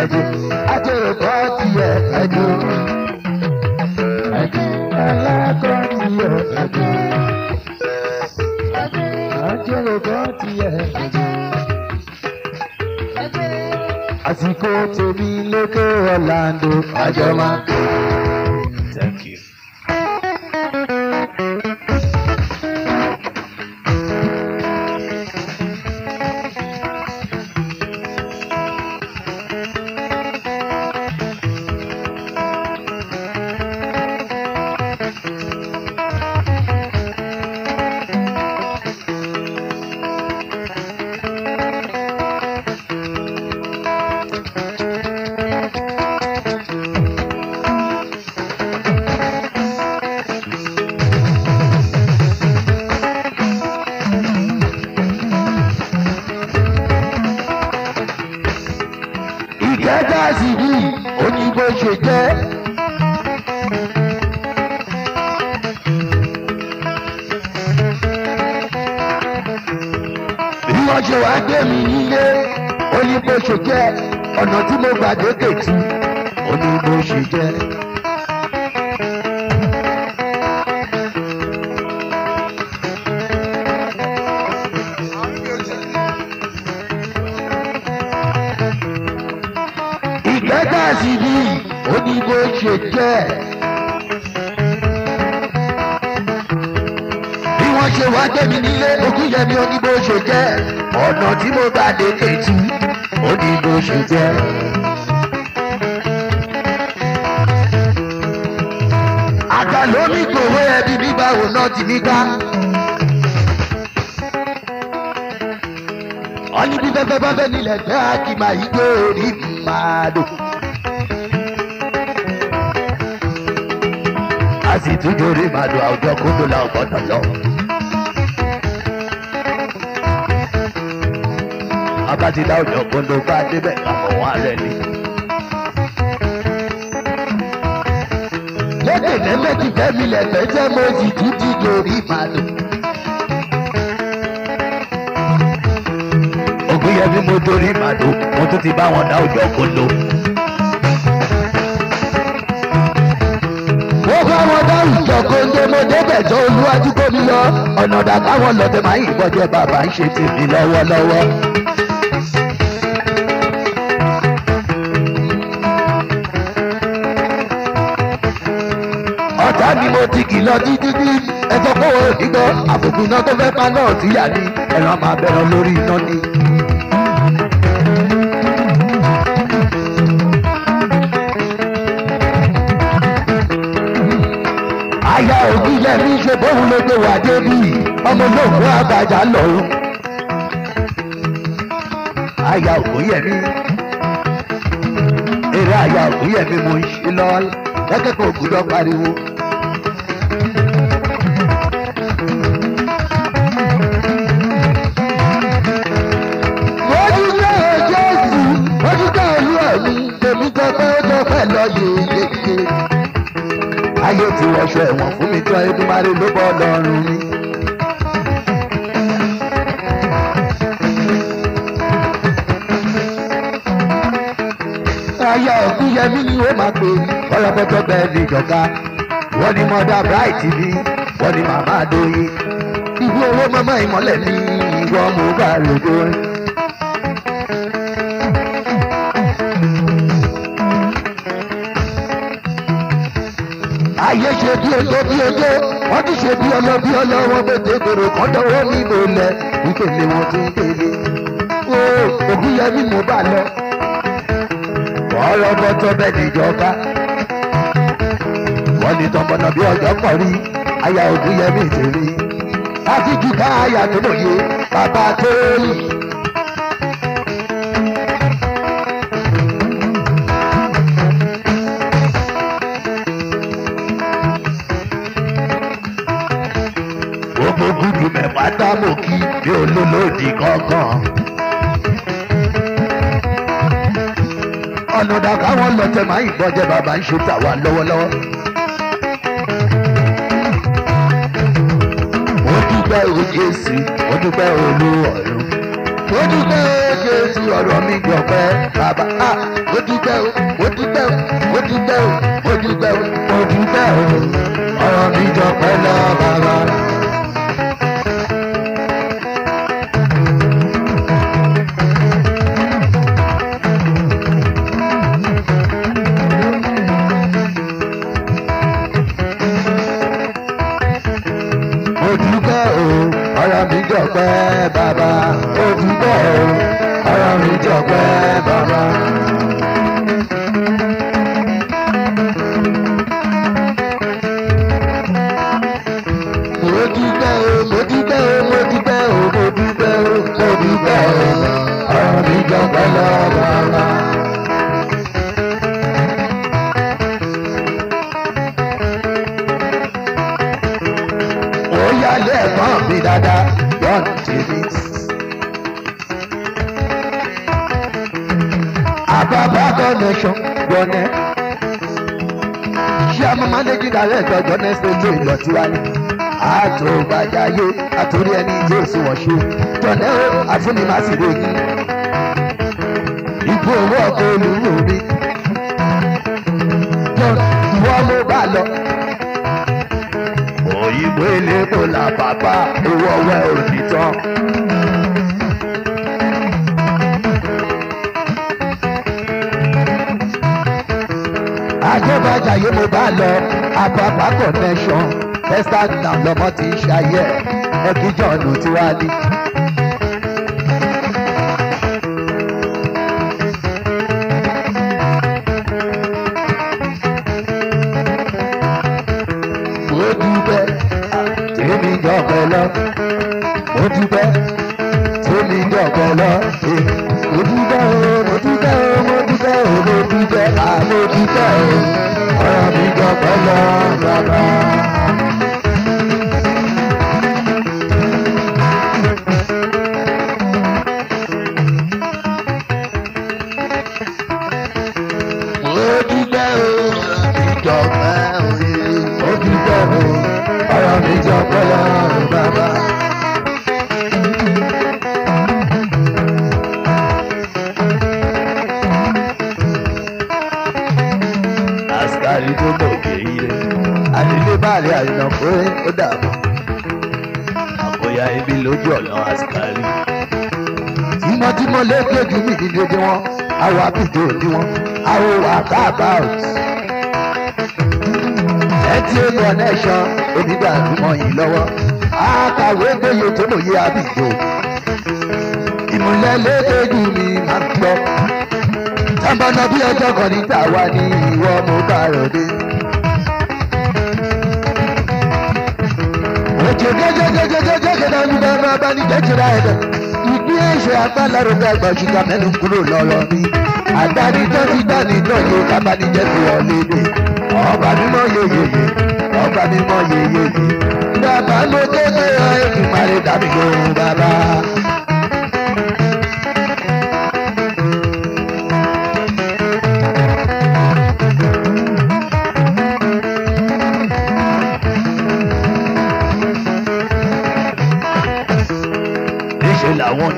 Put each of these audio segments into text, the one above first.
ẹ̀dù ajẹ́rò kọ́ tiẹ̀ ẹ̀dù ẹ̀dù alákọ̀ tiẹ̀ ẹ̀dù ajẹ́rò kọ́ tiẹ̀ ẹ̀dù. àsìkò tèmi lókè ọ̀làǹdó àjọmọ́. bó ṣe jẹ́. bí wọ́n ṣe wá tẹ̀mí nílé Ògúnyẹmí ó ní bó ṣe jẹ́ ọ̀nà tí mo bá dé kẹ̀tù ó ní bó ṣe jẹ́. àgbà lómi gbòòwò ẹbí mi báwo náà ti mí gbá. ọ̀nìbí fẹ́fẹ́ bá fẹ́ nílẹ̀ dáa kí màá yí gbé orí màá dò. a sì tún jórí màdùn àwùjọ kóńdó la ọgbọ́dọ̀ lọ. abátidá òjò kóńdó bá débẹ̀ àmọ́ wọn alẹ́ ni. lókè lẹ́mẹ̀tì fẹ́mi lẹ́fẹ́ jẹ́ mo sì tún ti jórí màdùn. ògùn yẹn bí mo jórí màdùn mo tún ti bá wọn dá òjò kóńdó. ọ̀dọ̀ kóńdé mo débẹ̀ tó olúwájú kó mi lọ ọ̀nà ọ̀dà káwọn lọ́tẹ̀ máa yìnbọn jẹ́ bàbá ń ṣe tèmi lọ́wọ́lọ́wọ́. ọ̀tá ni mo ti kìlọ̀ títí ẹ̀sọ́ kọ́wọ́ òdìgbọ́ àfòkùnà tó fẹ́ pa náà síyà ni ẹ̀rọ máa bẹ̀rọ lórí iná ni. lẹ́mí ṣe bóun ló gbé wá débi ọmọ olóògbé àbájá lọ́rùn. àyà ògúnyẹmí eré àyà ògúnyẹmí mo ń ṣe lọ lẹ́kẹ̀kọ̀ ògùdọ̀ pariwo. lójúkẹ́ jésù lójúkẹ́ olú ẹ̀mí tèmi tọpẹ́ tọpẹ́ lọ́yẹ̀ẹ́ láyé ti wọṣọ ẹ̀wọ̀n fún mi tí ọyẹ́ ló bọ́ lọ́rùn mi. aya òkú ni ó máa pè ọ̀rọ̀ pẹ̀tọ́ bẹ́ẹ̀ ní ìjọba wọ́n ní mọ́dà bright mi wọ́n ní màmá àdóyin ìwé owó mọ́mọ́ ìmọ́lẹ̀ mi ìwọ́n mú bá lòdò ayé ṣe bí oge bí oge wọ́n ti ṣe bí ọlọ bí ọlọ wọn bètè gbèrò kọ́dọ̀ wọn ní ìlú ilẹ̀ wọn ti ń pele ó òbí mo bá lọ. ọ̀rọ̀ bọ́tọ̀ bẹ́ẹ̀ ni ìjọba wọ́n ní tọmọdọ̀ bí ọjọ́ pọ̀ rí aya òbí yẹ bí ìtẹ̀rí láti jù ká aya tó lóye bàbá tó rí. olólòdì kankan. ọ̀nà dàkà wọn lọ tẹ máa ń gbọ́jẹ́ bàbá ń ṣe tàwa lọ́wọ́lọ́wọ́. ó dúpẹ́ o Jésù ó dúpẹ́ olú ọ̀run. ó dúpẹ́ o Jésù ọ̀rọ̀ mi gbọ̀pẹ́ bàbá a ah, ó dúpẹ́ o ó dúpẹ́ o ó dúpẹ́ o ó dúpẹ́ o ó dúpẹ́ o. ṣe jọ̀lẹ́ o àfúnni má sì lóyún. Ìbú owó ọkọ̀ olúwo mi. Ìwọ ló bá lọ. Òyìnbó elépo là bàbá owó ọwẹ́ òdì tán. Ajẹ́bàjàyé mo bá lọ, àbàbà connection, Esther Nam lọmọ ti ń ṣayẹ ẹbí jọ̀nù tí wàá ní. mo dúpẹ́ tèmi jọ̀kọ̀ lọ mo dúpẹ́ tèmi jọ̀kọ̀ lọ mo dúpẹ́ o mo dúpẹ́ o mo dúpẹ́ o mo dúpẹ́ a mo dúpẹ́ o ọ̀rọ̀ mi jọ̀kọ̀ lọ àwọn lẹ́gbẹ̀ẹ́jú mi nílé bí wọn àwọn àbíjọ òbí wọn àwọn àbá about. NTA connection onígbàgbọ́mọ̀ yìí lọ́wọ́ àkàwé gbèyè tó lòye àbíjọ ìmùlẹ̀ lẹ́gbẹ̀ẹ́jú mi máa ń lọ. tábànà bí ọjọ́ kan níta wá ní ìwọ mo bá rọ̀ dé. òjò gẹ́gẹ́gẹ́gẹ́gẹ́gẹ́ náà ní bá máa bá ní jẹ́jẹ́rẹ́ ẹ̀dẹ̀ ṣe agbálárugẹ àgbàṣùgbà mẹ́nu kúrò lọ́rọ̀ ni àgbàdìjọ́ ti dá níjọ́ yìí kábàdìjẹ́ ti ọ̀lẹ́dẹ̀ ọba mímọ́ yeyeye ọba mímọ́ yeyeye bàbá mo kéde ọ ètùmàrè dàbí yòówù bàbá.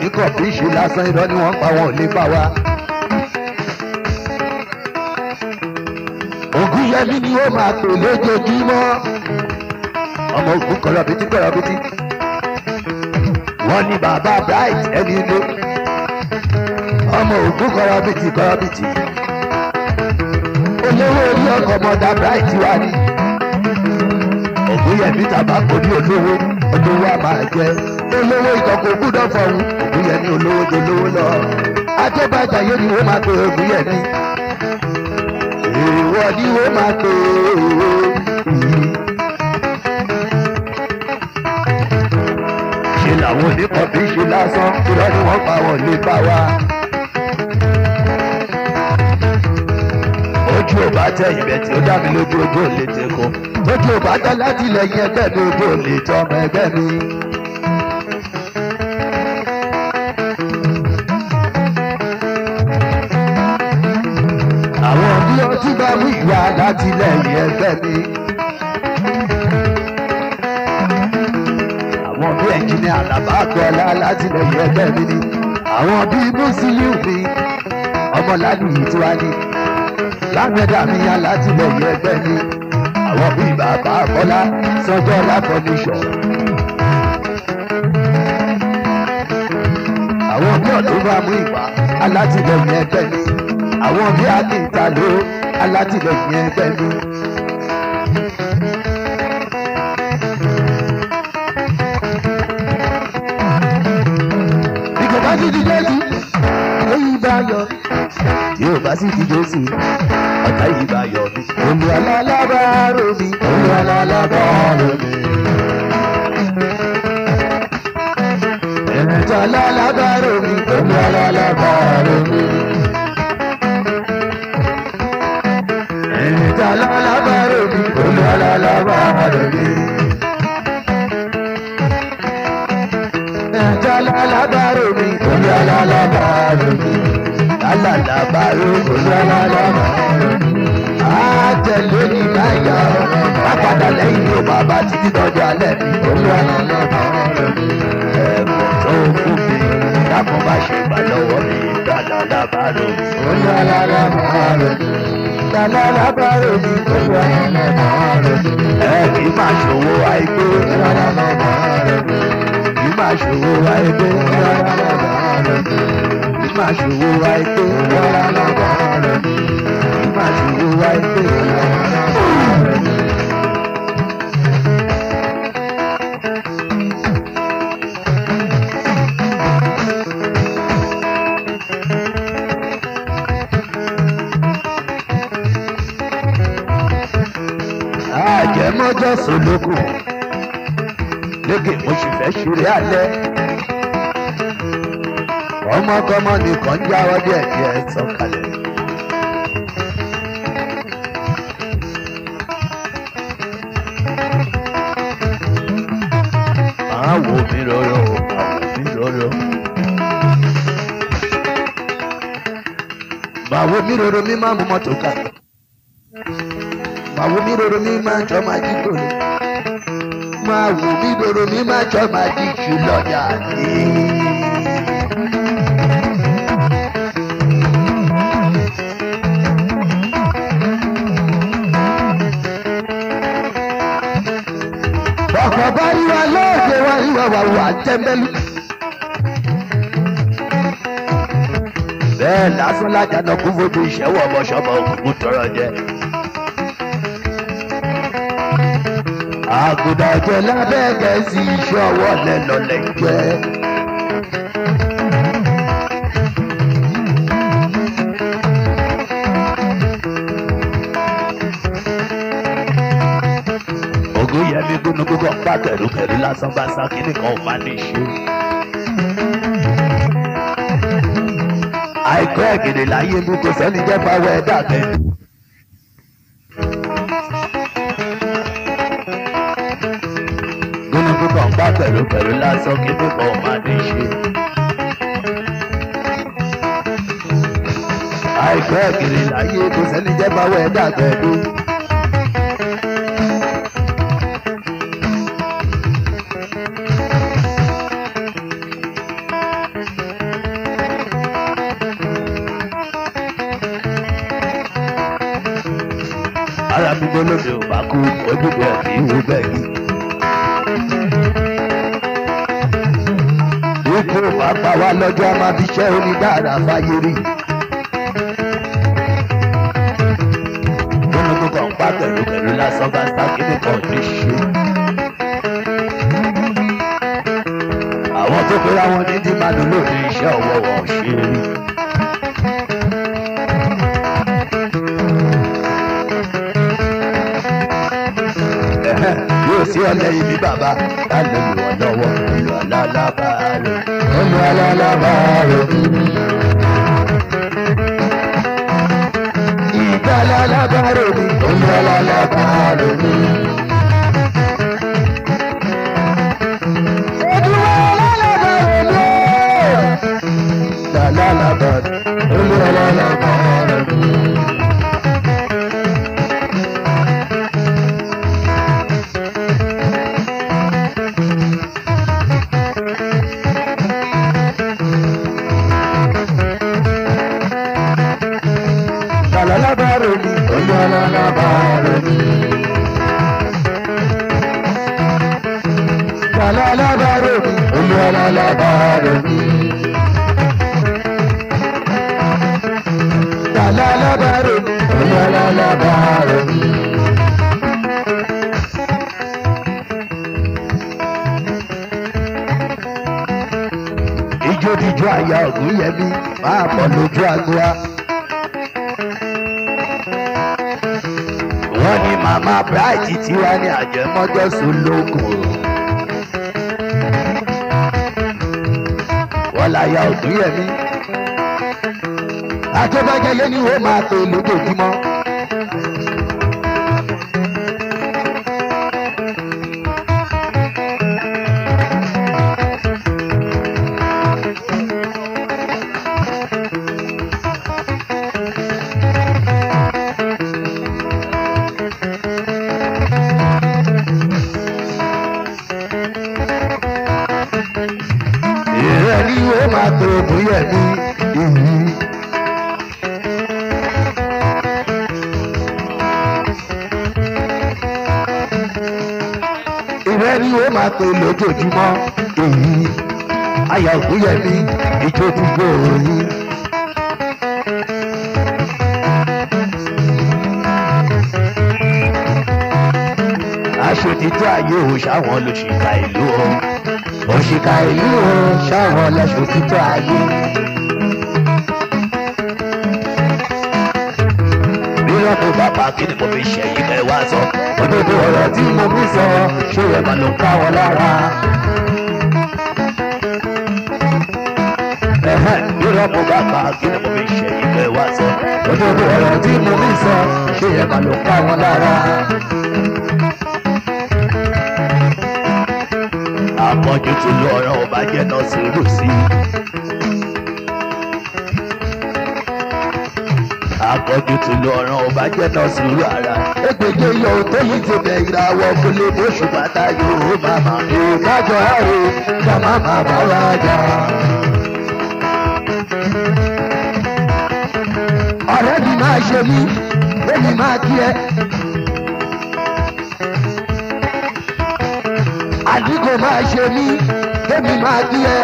ní kọ̀píṣì lásán irọ́ ni wọ́n ń pa wọn ò lè bá wa. Ògúnyẹmí ni ó máa pè lójoojúmọ́ ọmọ ogun kọ̀rọ̀bìtì kọ̀rọ̀bìtì wọ́n ní bàbá bright ẹni ló ọmọ ogun kọ̀rọ̀bìtì kọ̀rọ̀bìtì olówó orí ọkọ̀ mọ̀dà bright wà ní Ògúnyẹmí tàbá kò ní olówó olówó àmà pé lówó ìkọ̀kọ̀ gbúdọ̀ fọ̀hún Ògúnyẹmí olówó tó lọ ajẹ́bàjá yóò ní wọ́n máa pe Ògúnyẹmí ìwọ ni wọ́n máa pe ṣe làwọn oníkọ̀bí ṣe lásán irọ́ ni wọ́n pa wọ́n lè bá wa. ojú ò bá tẹ ìbẹ̀ tí ó dá mi lójú ojú ò lè tẹ̀kọ́ ojú ò bá tẹ láti ilẹ̀ yẹn bẹ́ẹ̀ ni ojú ò lè tọ́ ọmọ ẹgbẹ́ mi. alátìlẹyìn ẹgbẹ́ mi. àwọn bí ẹnjìnì àlàbà àgbẹ̀lá alátìlẹyìn ẹgbẹ́ mi ni. àwọn bí mùsùlùmí mi ọmọláàbí yìí tí wá ní. lágbẹ̀dá mi alátìlẹyìn ẹgbẹ́ mi. àwọn bí bàbá àkọ́lá sọjọ́ láfọ̀nìṣọ̀. àwọn bí ọ̀dọ́ bá mú ìwà alátìlẹyìn ẹgbẹ́ mi. àwọn bí àkìntà ló alátìlẹyìn ẹgbẹ́ mi. ìgbà sì ti jésù lẹ́yìn bá yọ yóò bá sì ti jésù ọ̀tá yìí bá yọ mí. olú alálábàárò mi olú alálábàárò mi. ẹ̀ẹ́dọ̀ alálábàárò mi olú alálábàárò mi. lọ́lọ́lọ́wọ́ ọmọdé. Ẹ̀jẹ̀ lọ́lọ́bàrò mi, omi ọlọ́lọ́bàrò mi, lálàlàbàrò omi ọlọ́lọ́bàrò mi. Àtẹ̀lé ní láyà ọ́, má padà lẹ́yìn ní òun bàbá títí dọ́jọ́ alẹ́ mi, omi ọlọ́lọ́bàrò mi. Ẹ̀bùn tó kú mi, dákun bá ṣe gbà lọ́wọ́ mi, lálàlàbàrò mi, omi ọlọ́lọ́bàrò mi ìlànà alábàárò ní gbogbo ẹ kì í máa ṣòwò àìgbé kì í máa ṣòwò àìgbé kì í máa ṣòwò àìgbé kì í máa ṣòwò àìgbé. mọ́jọ́ sọ̀lọ́kù lókè mo sì fẹ́ ṣeré alẹ́ ọmọkọmọ nìkan jáwọ́ díẹ̀ díẹ̀ sọ̀kalẹ̀. àwọ̀ mi lọ́rọ̀ àwọ̀ mi lọ́rọ̀. màwọ̀ mi lọ́rọ̀ mi máa mú mọ́tò kàlẹ́ wò mí roro mi máa jọ máa jí lòlò máa wò mí roro mi máa jọ máa jí jù lọ́jà ní. ọkọ̀ bá rí lóògbé wa rí wa wà wà tẹ́mbẹ́lú. bẹ́ẹ̀ lásán lájà lọ kún fojú ìṣẹ́wọ̀ ọmọ ṣọmọ òkùnkùn tọrọ jẹ. àgùdà jẹ lábẹ́ kẹ́sì iṣẹ́ ọwọ́ lẹ lọ́lẹ̀ jẹ. ògúnyẹmí gúnugúngọ pàtẹrùkẹrù lásán bá sá kí nìkan ò má ní í ṣe. àìkọ́ ẹ̀gẹ̀dẹ̀ láyé mú kò sẹ́ni jẹ́ fáwọ́ ẹ̀dá kẹ́ni. pẹ̀lú pẹ̀lú lásán kí púpọ̀ máa ní ṣe. àìpẹ́ kiri láyé kò sẹ́ni jẹ́ báwọ̀ ẹ̀dá pẹ̀lú. àwa lọ́jọ́ a máa fi ṣẹ́ onídàára fáyé rí. olùkọ́ kan pa pẹ̀lú pẹ̀lú lásán bá sákìlì kan ní ṣe. àwọn tó pera wọn ní dìmánú ló ní iṣẹ́ ọwọ́ wọn ṣe rí. yóò sí ọlẹ́yìn bí bàbá ká lè lù wọ́n lọ́wọ́ ọmọ alálàbà rẹ̀. ni ó máa tó lójoojúmọ́. tẹ́ni ó máa pè lójoojúmọ́ èyí àyà òkúyẹmí ìjó gbogbo òyìn. aṣòdì tó ayé o ṣáwọn ló ṣìkà ìlú o òṣìkà ìlú o ṣáwọn lọ ṣòdì tó ayé. yẹ kó bàbá kí ni mo fi ṣe yìí kẹ́ wá sọ. òdodo ọ̀rọ̀ tí mo fi sọ ṣé yẹ máa ló ká wọn lára. irọ́ bàbá kí ni mo fi ṣe yìí kẹ́ wá sọ. òdodo ọ̀rọ̀ tí mo fi sọ ṣé yẹ máa ló ká wọn lára. àmọ́jú lọ́rọ̀ ò jẹ́ náà rú sí i. akọjú ti lọ ọ̀ràn ọba jẹ́nà sílùú ara ẹgbẹ̀jẹ̀ yọ tóyìn ti bẹ̀ ìràwọ̀ kúlẹ̀ bóṣù bàtà yòó bàbá yòó kájọ àrò jàmá bàbá wa jà. ọ̀rẹ́ mi máa ṣe mí èmi máa kí ẹ. àdínkù máa ṣe mí èmi máa kí ẹ.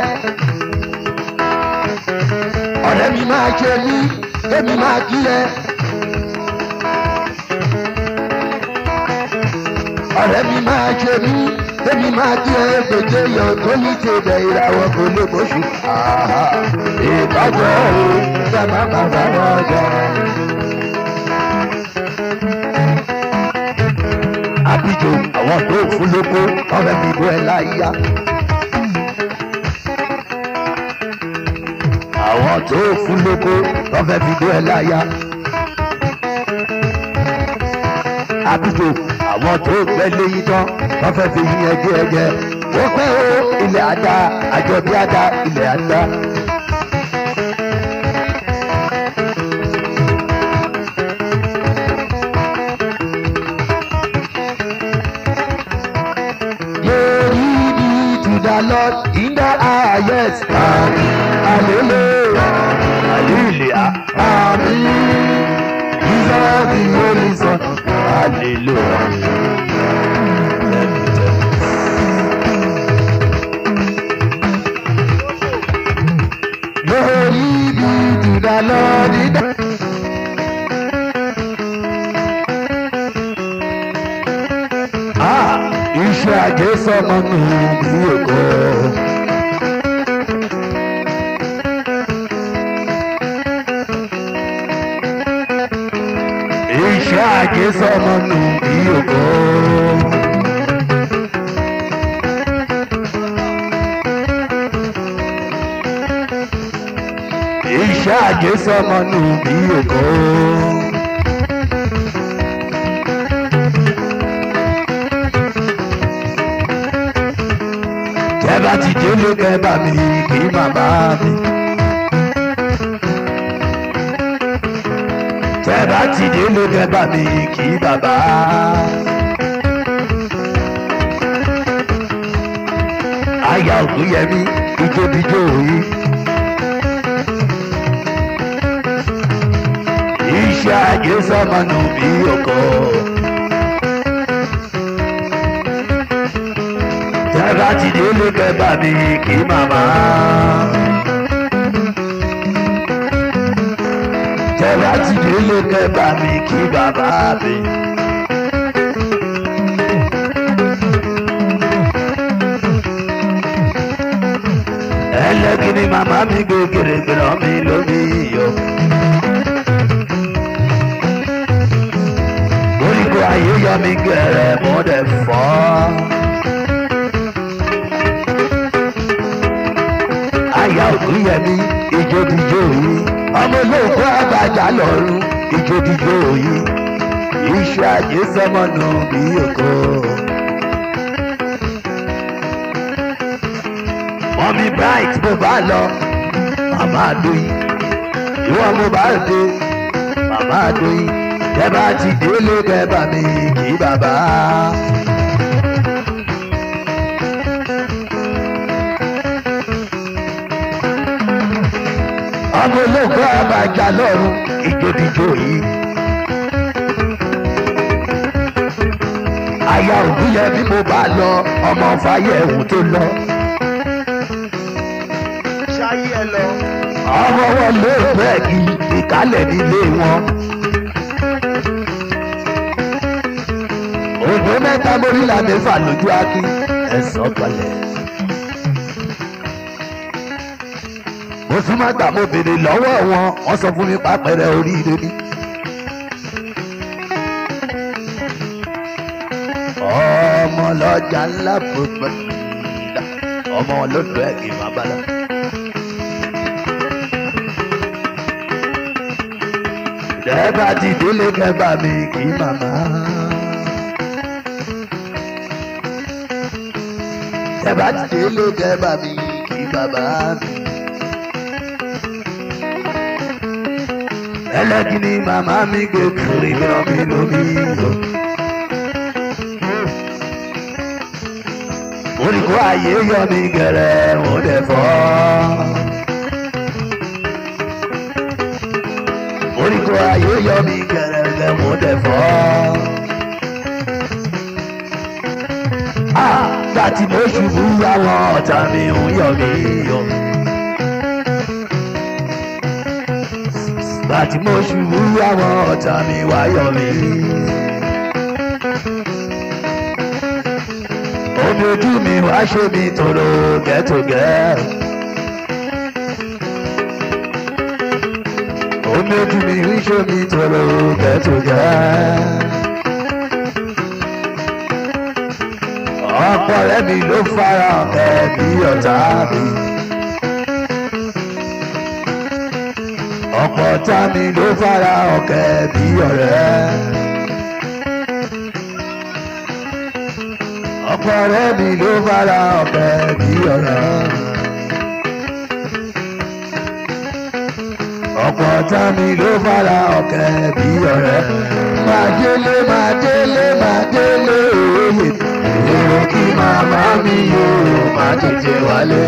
ọ̀rẹ́ mi máa ṣe mí èmi máa kí ẹ. ọ̀rẹ́ mi máa ṣe mí èmi máa kí ẹ gbèjè yọ tó ní tèbẹ̀ ìràwọ̀ kò lè bóṣù. ìbájọ́ o sábà bàbá wọn jẹ. àbíjọ àwọn tó fún lóko ọ̀rẹ́ mi bó ẹ láyà. àwọn tó fún lóko wọ́n fẹ́ fi dó ẹ láyà. àbújò àwọn tó gbẹ léyìí tán wọ́n fẹ́ fi yín ẹgbẹ́ ẹgbẹ́ wọ́n pẹ́ o ilẹ̀ àdá àjọ bí àdá ilẹ̀ àdá. Lord in the highest. Hallelujah àmì ìsẹ́ẹ̀tì lórí sọ hallelujah. Glory be to the Lord. Ah, iṣẹ́ àjẹsọ́mọ́ mi ní ògo. sọmọ nù bí ògo. iṣẹ́ àjẹ́ sọmọ nù bí ògo. tẹ́ ti délé bẹ́ẹ̀ bá mi kí bàbá mi. bá ti délé kẹ́ bá mi kí bàbá. aya ògúnyẹmí ijóbijó yìí. iṣẹ́ ajé sámanù bí ọkọ. tẹ́ bá ti bá mi kí màmá. ẹ bá ti délé kẹba mi kí bàbá mi. ẹlẹ́gìrì màmá mi gbé gèrègèrè mi lómi iyọ̀. koríko ayé yọ mi gẹ̀rẹ̀ mo dẹ̀ fọ́. àyà òkú yẹ mi ìjó ti jó yìí ọmọ olóògbé àbájá lọ́rùn ìjòdìjò yìí iṣẹ́ ajé sọmọnà bí òkò. mọ̀mí bright mo bá lọ màmá àdóyìn ìwọ mo bá dé màmá àdóyìn tẹ́ bá ti délé bẹ́ẹ̀ bá mi kí bàbá. ọmọ olóògbé àbájá lọ́rùn ìjòdìjò yìí. àyà òdúyẹ bí mo bá lọ ọmọ fàyẹ ẹ̀hún tó lọ. ọmọ wọn lè bẹ́ẹ̀kì ìkálẹ̀ nílé wọn. òdò mẹ́ta mórí làdé lójú akin ẹ̀sán balẹ̀. Fáṣímátà mo béèrè lọ́wọ́ wọn wọ́n sọ fún mi pápẹ́rẹ́ oríire ni. ọmọ lọ́jà ńlá gbogbo ọmọ olódò ẹ̀ kì í máa bá lọ. dẹ́gbà ti délé kẹ́gbà mi kì í màmá. dẹ́gbà ti délé kẹ́gbà mi kì í bàbá mi. ẹlẹ́gìní màmá mi gbé kiri lọ́mí lómi. oríkó ayé yọ mi gẹ̀rẹ́ mo dẹ̀ fọ́. oríkó ayé yọ mi gẹ̀rẹ́ mo dẹ̀ fọ́. láti ah, mo ṣubú àwọn ọ̀tá mi ń yọ mí yọ. ìgbà tí mo ṣubú àwọn ọ̀tá mi wá yọ mí. omi ojú mi wá ṣe mi tòrò gẹ́tògẹ́. omi ojú mi wí ṣe mi tòrò gẹ́tògẹ́. ọ̀pọ̀ rẹ̀ mi ló fara ẹ̀mí ọ̀tá mi. ọkọ tá mi ló fara ọ̀kẹ́ bí ọ̀rẹ́. ọkọ rẹ mi ló fara ọ̀kẹ́ bí ọ̀rẹ́. ọkọ tá mi ló fara ọ̀kẹ́ bí ọ̀rẹ́. máa délé máa délé máa délé òye èrò kí màmá mi yóò máa tètè wálé.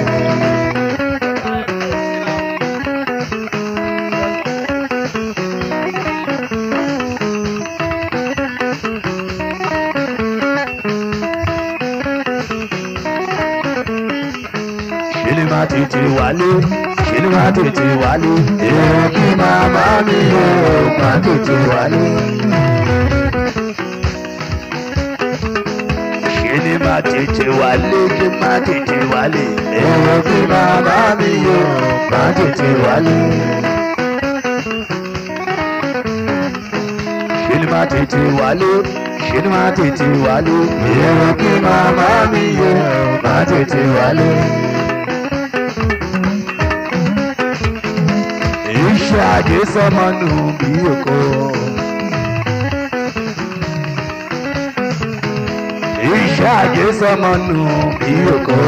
má tètè wálé inú má tètè wálé èrò kí màmá mi ò má tètè wálé. kíni má tètè wálé kí má tètè wálé èrò kí màmá mi ò má tètè wálé. kíni má tètè wálé ṣe ni máa tètè wálé. ìrẹ̀wọ̀n kí màmá mi yẹ máa tètè wálé. ṣe àdé sọmọ nù bí òkò. Iṣẹ́ àdé sọmọ nù bí òkò.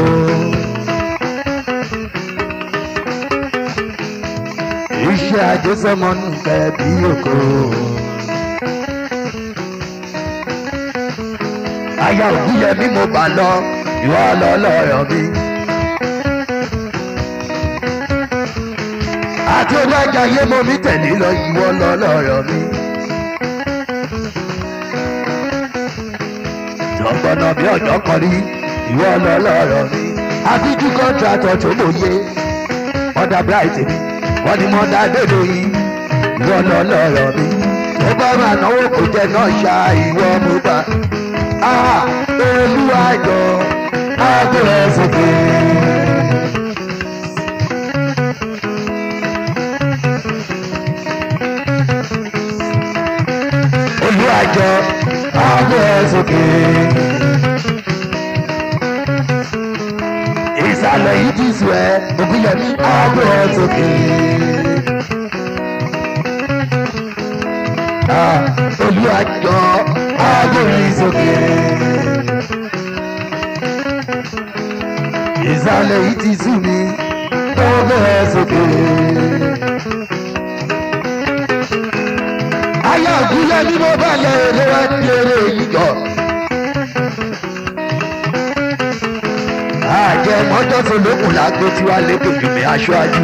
Iṣẹ́ àdé sọmọ nù kẹ bí òkò. Aya òbí yẹ mí mo bà lọ, ìwọ lọ lọ́yọ̀ mi. àti ọlọ́jà yé mo mi tẹ̀lé lọ ìwọ lọ lọ́rọ̀ mi. jọ̀gbọ̀nà bí ọ̀jọ́ kan rí ìwọ lọ lọ́rọ̀ mi. àti ju kọ́ńtrátọ̀ tó mòye mọ́dà bright mi wọ́n ní mọ́dà dédé yìí ìwọ lọ lọ́rọ̀ mi. tó bá máa náwó kò jẹ náà ṣá ìwọ mo bá. Ah, olúwa jọ àgbẹ̀ ẹ̀ sókè. àjọ ọgbẹ́ sókè. ìsàlẹ̀ yìí ti sùn ẹ́ ògúnyẹ̀mí ọgbẹ́ sókè. olú àjọ ọgbẹ́ sókè. ìsàlẹ̀ yìí ti sùn mí ọgbẹ́ sókè. Ayé ògúnlẹ̀ ni mo bá lẹ̀ èrè wá di eré yíyọ. Àjẹ mọ́tò fòlókùn lágbo tí wàá lé bèbèmí aṣáájú.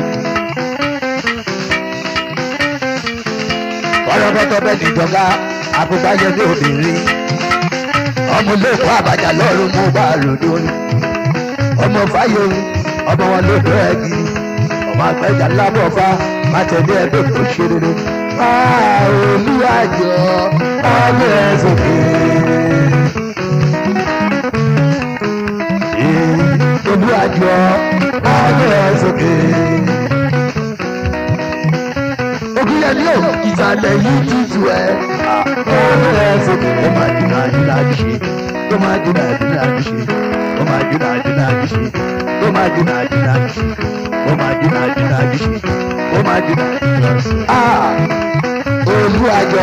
Ọlọ́pọ̀tọ́ bẹ́ẹ̀ ni ìjọba abúgbáyé ní obìnrin. Ọmọ olóòkú àbàjá lọ́rùn mú bá lòdò ní. Ọmọ fáyọ̀rù ọmọ wọn ló bẹ̀rẹ̀ gidi. Ọmọ àgbẹ̀jà ńlá bọ̀ fa má tẹ̀lé ẹgbẹ́ òṣèré olúwàjọ abẹ́sọ̀kè. olúwàjọ abẹ́sọ̀kè. ògúnyẹ̀lì ò ìsàlẹ̀ yìí tutù ẹ̀ abẹ́sọ̀kè ló máa dùn àdúrà ṣe ló máa dùn àdúrà ṣe ló máa dùn àdúrà ṣe ló máa dùn àdúrà ṣe. Oh my goodness, oh my goodness, ah ojú àjọ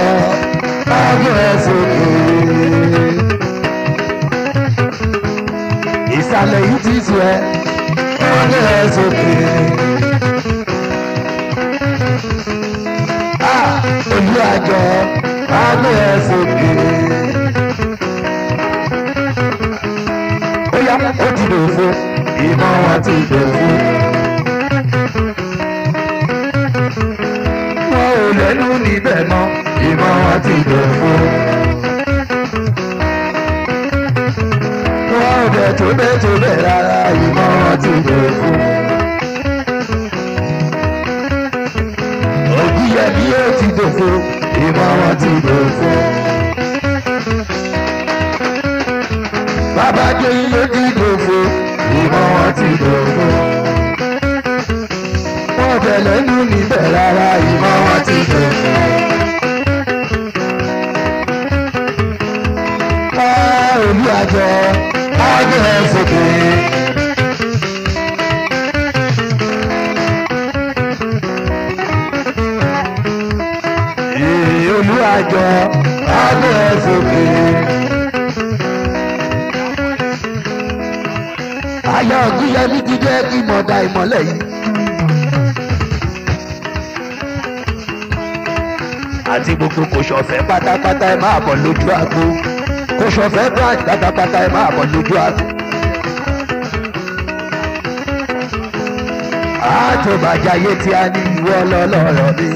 ọjọ́ ẹ̀sìn kìí. ìsàlẹ̀ yìí ti sùn ẹ́ ọjọ́ ẹ̀sìn kìí. ojú àjọ ọjọ́ ẹ̀sìn kìí. ó yá ó ti dòfo ìmọ̀ wa ti dòfo. sẹ́nu níbẹ̀ mọ́ ìmọ̀ wa ti dẹ̀ fún. wọ́n bẹ̀ tó bẹ̀ tó bẹ̀ rárá ìmọ̀ wa ti dẹ̀ fún. òbí ẹbí ó ti dòfo ìmọ̀ wa ti dẹ̀ fún. bàbá jẹ́ ilé ti dòfo ìmọ̀ wa ti dẹ̀ fún níbẹ̀ lẹ́nu níbẹ̀ rárá ìmọ̀ wọn ti ṣòfò. ẹ olú àjọ ọdún ẹ fòkè. olú àjọ ọdún ẹ fòkè. ayọ̀ ti jẹ́ kí mọ̀dà yìí. àti gbogbo kò ṣọ̀fẹ́ pátápátá ẹ máa bọ̀ lójú àgbo kò ṣọ̀fẹ́ branch pátápátá ẹ máa bọ̀ lójú àgbo. àtòbàjáyé tí a ní ìwọ lọ́lọ́rọ̀ mi.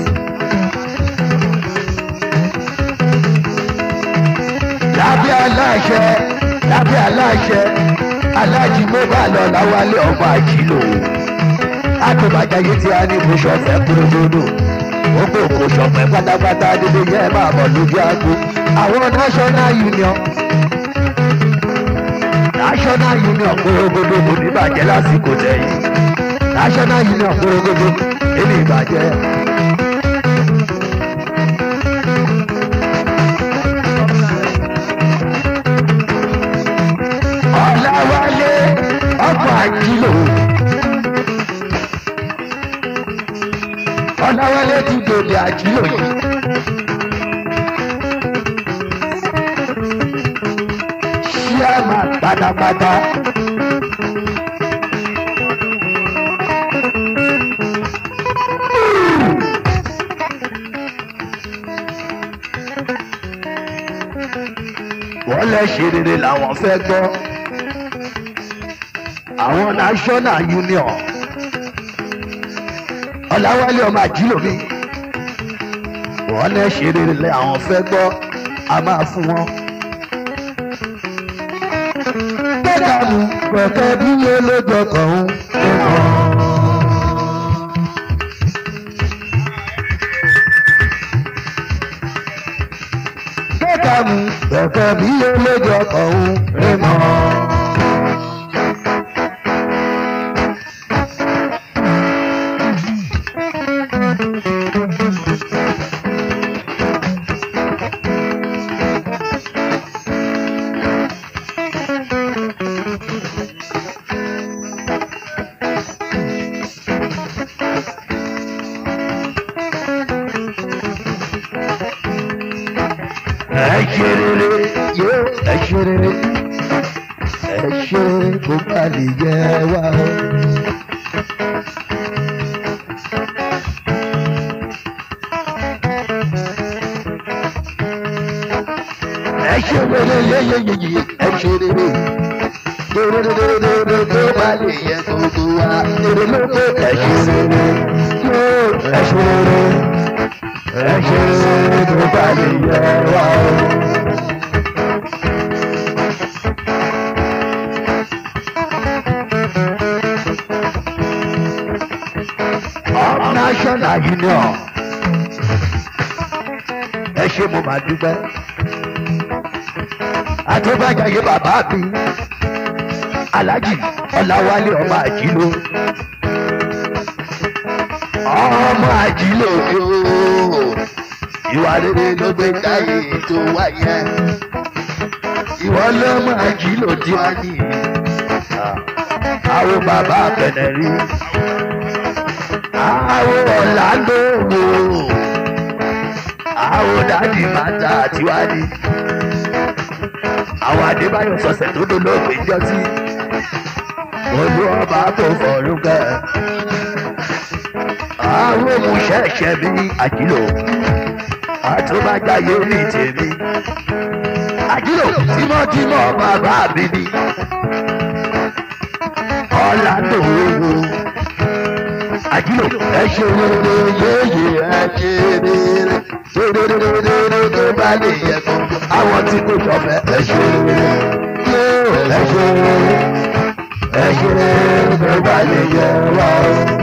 lábẹ́ aláṣẹ lábẹ́ aláṣẹ aláàjì mo bá lọ àjìlò àtòbàjáyé tí a ní kò ṣọ̀fẹ́ kúròdòdò ògbó kò ṣọpẹ́ pátápátá dédé yẹ máa mọ̀ lójú àgbo àwọn national union national union gbogbogbò kò ní bàjẹ́ lásìkò tẹ̀yìn national union gbogbogbò èmi ìbàjẹ́. ọ̀nàwọlé ti dòde àjílò yìí. ṣíàmà pátápátá. wọ́n lẹ́ ṣe rere làwọn fẹ́ gbọ́ àwọn national union ọ̀làwálé ọmọ àjílòmí wọn náà ṣe rere àwọn fẹ́ gbọ́ a máa fún wọn. gbẹ́dà mú pẹ̀kẹ́ bí yé ló dọ̀kọ̀ ń kọ́. gbẹ́dà mú pẹ̀kẹ́ bí yé ló dọ̀kọ̀ ń Ghana Union ẹ ṣe mo máa dúpẹ́ adébájáyé bàbá mi aláàjì ọláwálé ọmọ àjílò ọmọ àjílò yóò ìwà rere ló gbé jáde tó wáyé ìwọ lọ́mọ àjílò tí wọ́n ní ah, àwọn bàbá bẹ̀rẹ̀ rí àwo ọ̀la gbòòrò àwo dádì bàtà àtiwádìí àwọn Adébáyọ̀ sọ̀sẹ̀ tó dolóògbé jọ́sí olú ọba tó fọ̀rúkẹ́ àwọn òmùṣẹ́ṣẹ́ mi àjílò àtúbàjáyé ní tèmi àjílò tímọ́tímọ́ bàbá mi ni ọ̀la tó àjílò ẹ ṣe rere yéèyé ẹ ṣe rere ṣe rere rere tó bá lè yẹ fún àwọn tí kò sọfẹ ẹ ṣe rere ẹ ṣe rere ẹ ṣe rere tó bá lè yẹ wá.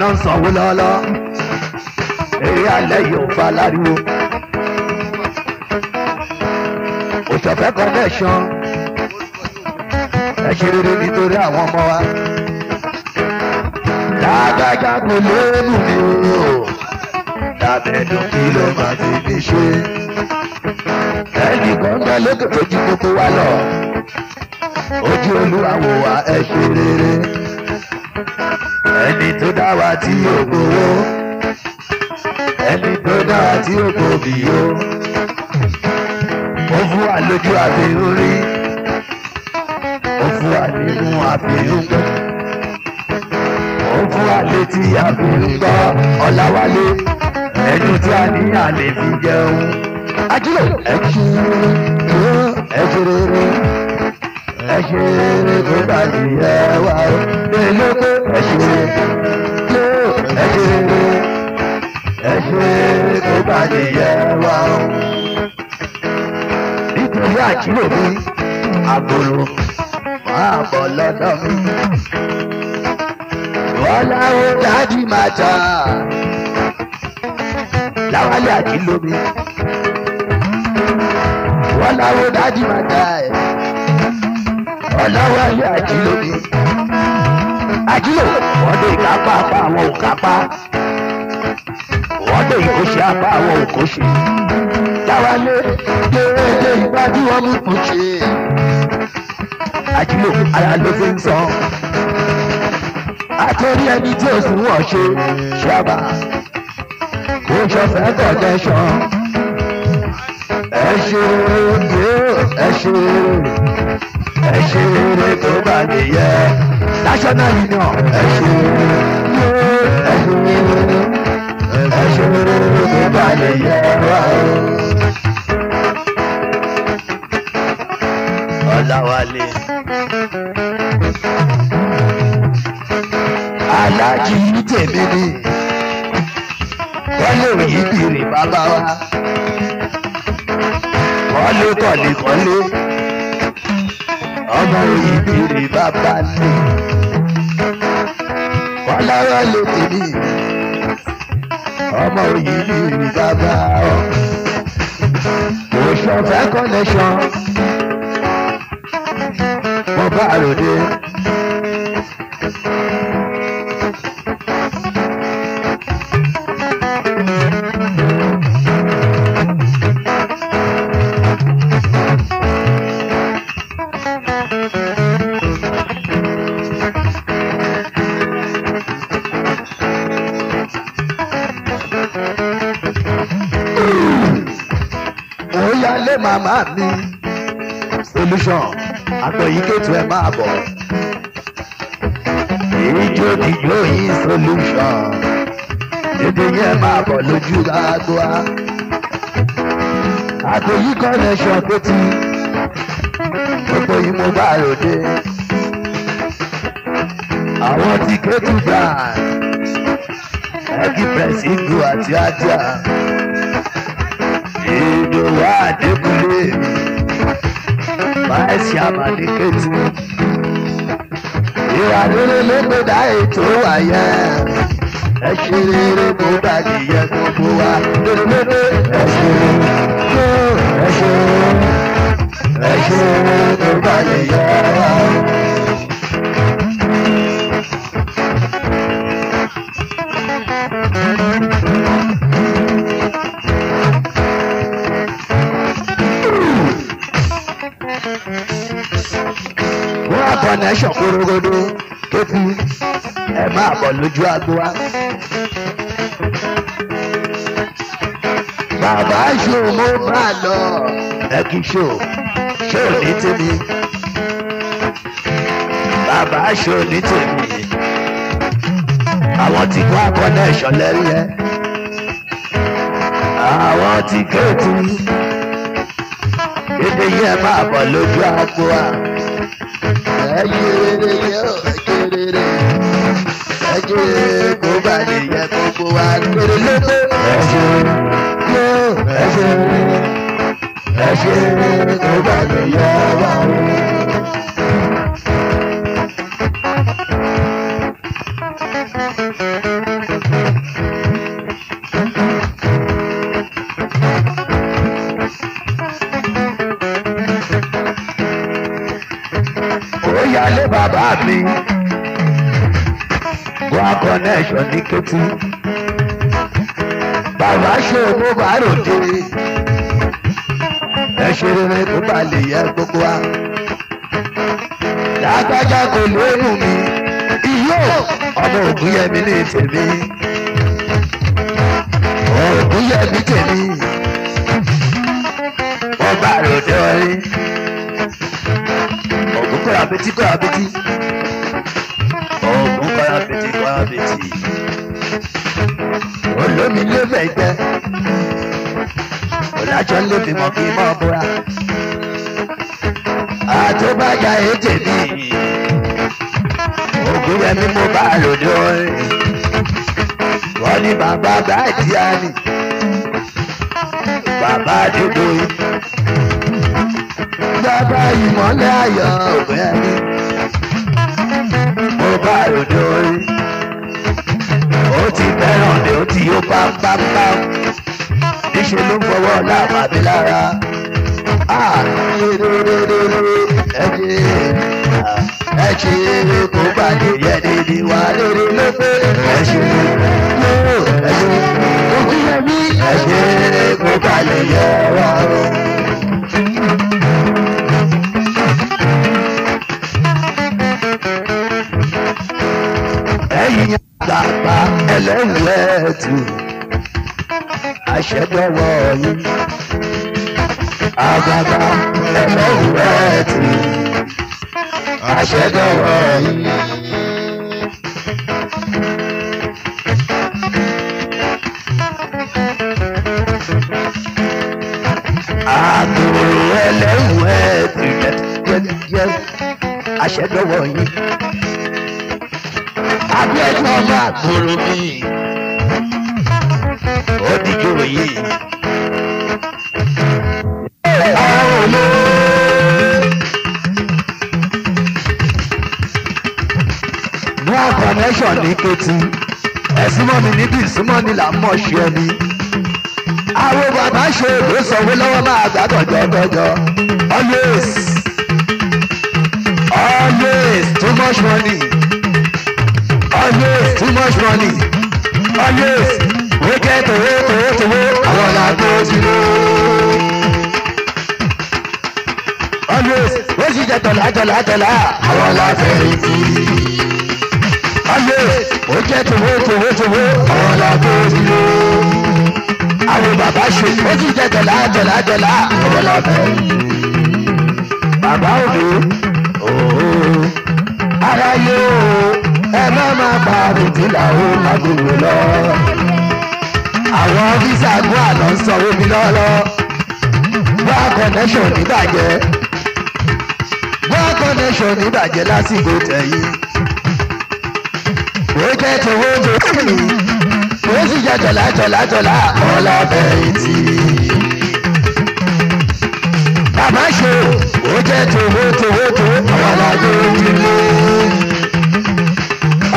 náà sanwó lọ́lọ́ eré alẹ́ yóò fa láriwo. òṣèfẹ́ convention ẹ ṣe rere nítorí àwọn ọmọ wa. lágbájá kò léèmù mi o lábẹ́dùn kí ló máa ti fi ṣe. ẹnì kan gbẹ lókè tó ju wa lọ ojú olúwa wò wá ẹ rere ẹni tó dá wa tí ó gbowó ẹni tó dá wa tí ó gbòbí o ó fún wa lójú àfihàn rí ó fún wa nínú àfihàn gbọ́ ó fún wa létí àfihàn gbọ́ ọ̀làwálé ẹnu tí a ní àlè fi jẹun ajílẹ̀ ẹ̀kú ẹ̀kú ẹ̀kú ẹ̀kú tó bá ti yẹ wá o ẹ ṣe tó ẹ ṣe ẹ ṣe tó bá lè yẹ wá o. nítorí àjúlò mi àbòrò máa bọ̀ lọ́dọ̀ mi. wọ́n láwọn dájú máa ta láwálé àjúlò mi wọ́n láwọn dájú máa ta ẹ̀ ọ̀làwálé àjúlò mi àjílò wọ́n ìkápá apá àwọn òkápá wọ́n ìkóṣe apá àwọn òkóṣe. táwa kéré dé ìgbájú ọmú kùṣe. àjílò ara ló fi ń sọ. àtọ́rí ẹni tí ó sùn wọ̀ ṣe kò ṣọ̀fẹ́ kọ̀ọ̀dẹ́ṣàn. ẹ ṣe é ẹ ṣe é ẹ tó bá mi national union ẹ ṣe ẹ ẹ ṣe ìbàlẹ̀ yẹ̀wò. Ọláwálé. Aláàjì tèmi ni wọ́n lè rí ìbìrì bàbá wa wọ́n ló kọ̀lé kọ́lé ọmọ ìbìrì bàbá ni alára ló tèmi ọmọ òyìn ní ìrì bàbá ọ. Oṣù ọ̀fẹ́ connection mo bá àròdé. máa ní solution àtọ̀yíkétu ẹ máa bọ̀. èyí tí ó ti jó yín solution dédé yẹn máa bọ̀ lójú aago a. àtọ̀yí connection tó ti gbogbo yìí mo bá ròde. àwọn ti kétu dà ẹ̀kí pẹ̀sì du àti ajá olùwà àdékúnlé báyìí àmàlíkètì ìwà rere ló gbé dá ètò wà yẹ ẹ ṣe rere kó bá nìyẹn gbogbo wa lórí lórí ẹ ṣe ẹ ṣe ẹ ṣe rere kó bá nìyẹn. connection korogodo kéku ẹ máa bọ̀ lójú agbo wa. bàbá ṣó mo bá lọ ẹkí ṣó ṣó ní tèmi bàbá ṣó ní tèmi àwọn tí kó connection lẹ́rí àwọn tí kéètì èdè yẹn máa bọ̀ lójú agbo wa ẹ̀yin rere yẹ ọ ẹ̀yin rere ẹ̀yin kò bá lè yẹ gbogbo wa lórí lórí. ẹ̀ṣẹ̀ ló ẹ̀ṣẹ̀ ẹ̀ṣẹ̀ kò bá lè yẹ wá. lọ ní kété bàbá ṣe mú bàárò kiri ẹ ṣe rere tó bá lè yẹ gbogbo wa lágbájá kò lóyún mi iyó ọmọ ògúnyẹmí ní tèmi ògúnyẹmí tèmi wọn bá rò dé wọlé ògúnkọ̀rọ̀ abetí kọ̀rọ̀ abetí kábíyèsí. olómi ló fẹ̀gbẹ́ ọ̀làjọ́ ló fi mọ̀ kí n mọ̀ bóra. àtúbàjá ètè mi ògúnyẹmí mo bá lòdì orin wọ́n ní bàbá báyìí á nì bàbá dúdú yìí bàbá ìmọ̀lẹ́ ayọ̀ ọ̀gbẹ́ni mo bá lòdì orin ó ti fẹ́ràn ni ó ti yó pápápá níṣẹ́ ló ń fọwọ́ láàmà mi lára ẹ̀jẹ̀ ẹ̀jẹ̀ kò bá lè yẹ ní ìwà lórí lọ́pẹ́ ẹ̀jẹ̀ yóò ẹ̀jẹ̀ ojú ẹ̀mí ẹ̀jẹ̀ kò bá lè yẹ ọ̀rọ̀. ẹlẹ́yẹ̀tù àṣẹgbẹ́wọ̀ yìí àgbàgbà ẹlẹ́yẹ̀tù àṣẹgbẹ́wọ̀ yìí. àtòrò ẹlẹ́yẹ̀tù àṣẹgbẹ́wọ̀ yìí. Adéjọba Kòròmí ó dìjòrò yìí. Noah connection ní kétí ẹ̀sìnmọ́ mi níbi ìsúnmọ́ ni là ń mọ̀ ṣe ẹni. Àwọn bàbá ṣe èdè sanwó lọ́wọ́ máa gbàgbọ́ jọjọjọ. Always yes, too much money always too much money always we get to, to, to, owó owó owó àwọn là tó dúró. always ó sì jẹ tọ̀là tọ̀là tọ̀là àwọn là fẹ́rẹ̀ sí. always ó jẹ tòwó tòwó tòwó àwọn là tó dúró. àwọn bàbá ṣe ó sì jẹ tọ̀là tọ̀là tọ̀là àwọn là fẹ́rẹ̀ sí. bàbá òde ooo aráyé ooo ẹ má má pa fìtílà ó má gbòòrò lọ. àwọn físà gún àná ń sanwó mi lọ́lọ́ wá connection níbàjẹ́ wá connection níbàjẹ́ lásìkò tẹ̀yìn. ó jẹ́ tòwó tó tì í ó sì jẹ́ tọ̀lá tọ̀lá tọ̀lá ọlọ́fẹ̀yìntì. bàbá ṣe ó jẹ́ tòwó tòwó tó ọlọ́dún nílé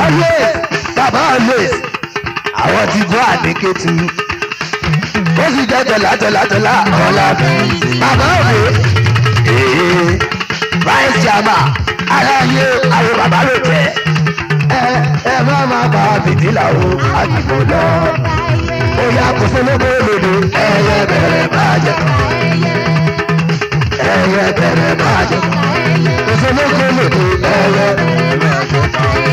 ọyẹ bàbá ọlẹ àwọn ti bọ́ àdékẹ́tù ó sì jẹ́ tọ̀látọ̀látọ̀lá ọ̀la bàbá òde ee vice chairman ara yé àwọn bàbá ló tẹ̀ ẹ ẹ má má bà á fìdílà o àdìgbò lọ ó yà kó sólóbó lòdì ẹyẹ bẹ̀rẹ̀ bá jẹ ẹyẹ bẹ̀rẹ̀ bá jẹ kó sólóbó lòdì ẹyẹ bẹ̀rẹ̀ bá jẹ.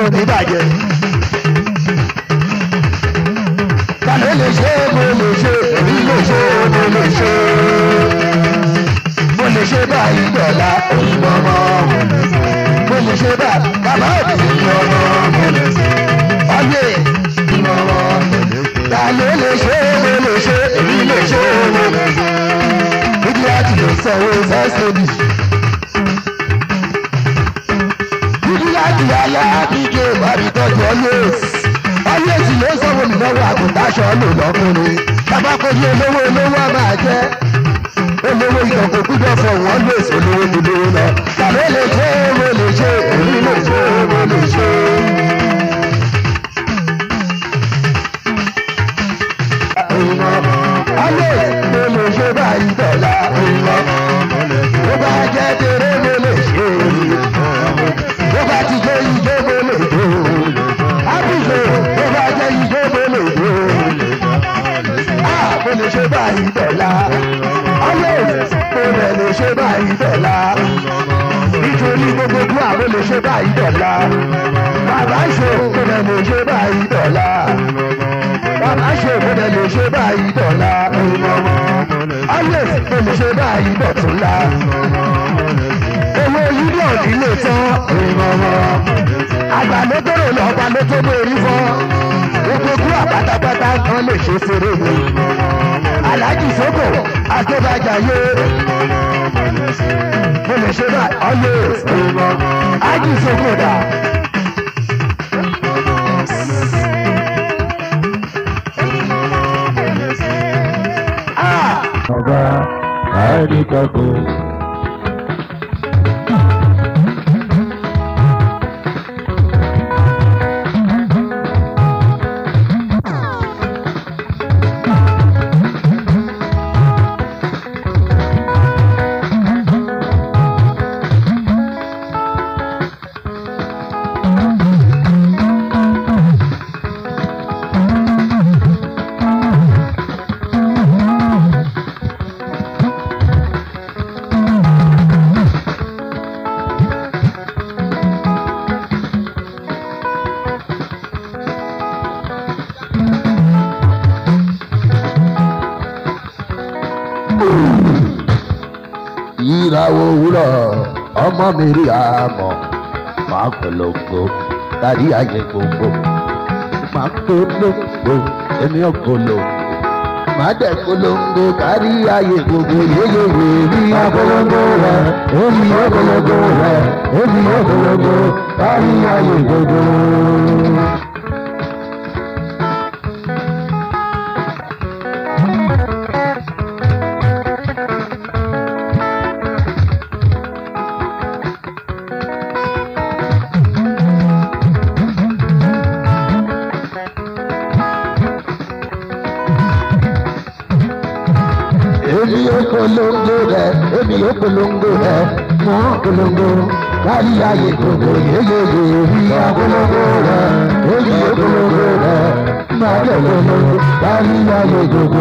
aṣọ ní ìdàjẹ́. ta ló lè ṣe é mo lè ṣe èmi lè ṣe é mo lè ṣe é mo lè ṣe báyìí dọ̀la òyìnbó ọmọ mo lè ṣe bá bàbá òbí ọmọ mo lè ṣe ọyẹ lè ṣe é mo lè ṣe èmi lè ṣe é mo lè ṣe ìdí láti lè sanwó fẹ́ẹ́ ṣe bì. Ìdí láti yàrá bí bá rí tọ́jú ọyẹ́ ọyẹ́ sì ló sọ̀rọ̀ mi lọ́wọ́ àgùntàṣọ lò lọ́kùnrin bàbá kò ní olówó olówó á máa jẹ́ olówó ìtọ̀kù gbúdọ̀ fọ̀ wọ́n lè sọ olówó mi lówó lọ tàbí lè ṣe èrò lè ṣe èmi lè ṣe èrò lè ṣe. ọyẹ́ mo lè ṣe báyìí dọ̀la ó bá jẹ́ tèrè. báyìí bẹ̀là always mo bẹ̀ lè ṣe báyìí bẹ̀là nítorí gbogbo dúà mo lè ṣe báyìí bẹ̀là bàbá ṣe mo bẹ̀ lè ṣe báyìí bẹ̀là bàbá ṣe mo bẹ̀ lè ṣe báyìí bẹ̀là always mo lè ṣe báyìí bẹ̀tùlà owó yíyọ̀ ìdílé tán àgbà ló tóró lọ́ba ló tó lórí fọ́ gbogbo dúà pátápátá kan lè ṣe fèrè mi. Alhaji Soko Adébájà yé. Mo lè ṣe bá ọyẹ Alhaji Soko dà. Ah! Ọba àìníkàkùn. mẹ́rí àmọ́ máa polongo tàbí ayé gbogbo máa polongo èmi ò polongo máa dẹ̀ polongo kárí ayé gbogbo yéyéyé mi ò polongo rẹ̀ èmi ò polongo rẹ̀ èmi ò polongo kárí ayé gbogbo. mọ́ polongo kárí ayé gbogbo yéyéyé ìyá polongo rẹ̀ èyí polongo rẹ̀ máa tẹ̀lé mi kárí ayé gbogbo.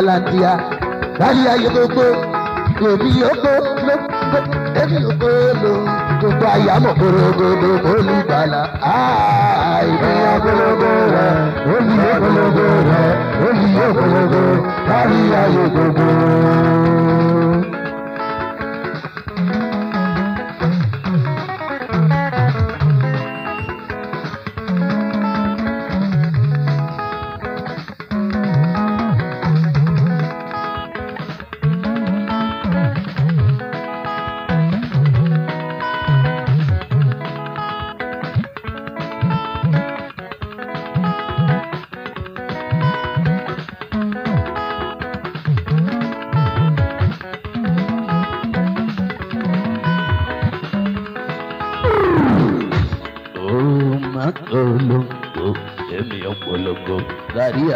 galantia láyé ayé gbogbo òbí ogbó ló èmi ogbó ló gbogbo àyàmọ̀ gbogbogbò olùgbàlà àìní agbólógbò rẹ olú agbólógbò rẹ olú agbólógbò láyé ayé gbogbo.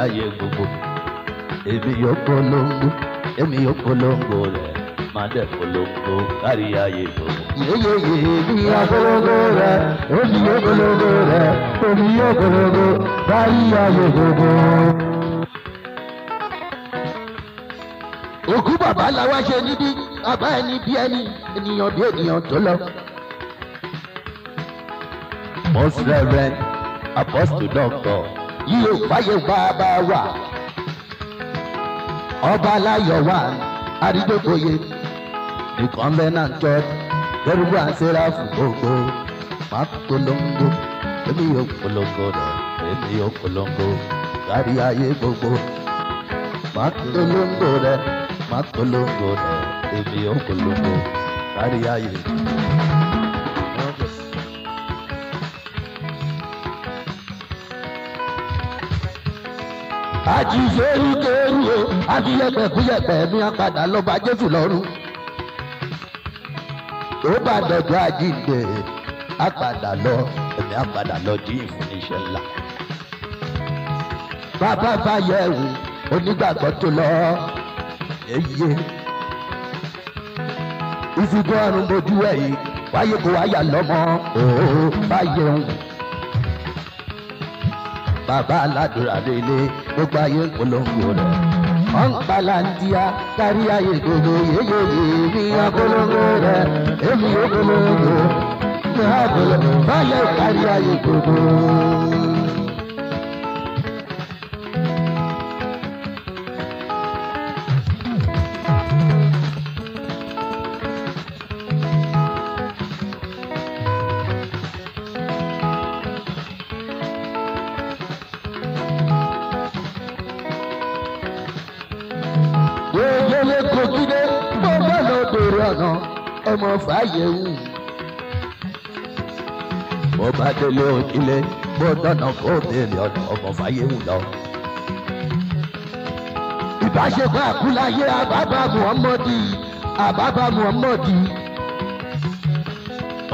ayé gbogbo èmi yóò polongo èmi yóò polongo rẹ̀ máa dẹ̀ polongo kárí ayé gbogbo. yeyeye mi apolongo rẹ̀ èmi yóò polongo rẹ̀ èmi yóò polongo kárí ayé gbogbo. òkú bàbá làwa ṣe níbí bàbá ẹni bí ẹni ènìyàn bí ènìyàn tó lọ. Most Reverend Apostle Doctor yìí ò báyẹ̀ wá bá wà. ọba aláyọ̀ wà arígbókòye the covenant church kẹrùbù àṣíràfù gbogbo máa polongo èmi yóò polongo rẹ èmi yóò polongo kárí ayé gbogbo máa rẹ máa rẹ èmi yóò polongo kárí ayé gbogbo. àti ìṣerúkẹrù o àti yẹpẹkúyẹpẹ mi àpàdà lọba Jésù lọ́run tó bá dọjọ́ àjíǹde àpàdà lọ èmi àpàdà lọ dín ìfún iṣẹ́ ńlá. bàbá fàyẹ̀wò onígbàgbọ́ tó lọ èyí ìfúgbọ́n ọ̀run mojú ẹ̀yìn wáyé kó wáyà lọ́mọ òó báyẹ̀wò bàbá aládùúrà délé gbogbo ayé polongo rẹ̀. wọ́n ń palantia kárí ayé gbogbo yéyéyé ní akolongo rẹ̀ èmi ò polongo ní akolongo báyẹ̀ kárí ayé gbogbo. ọmọ fàyẹ̀wò bó bá délé onílé bó dáná kó béèrè ọ̀nà ọmọ fàyẹ̀wò lọ. ìbáṣepọ̀ àkúláyé àbábà muhammadi àbábà muhammadi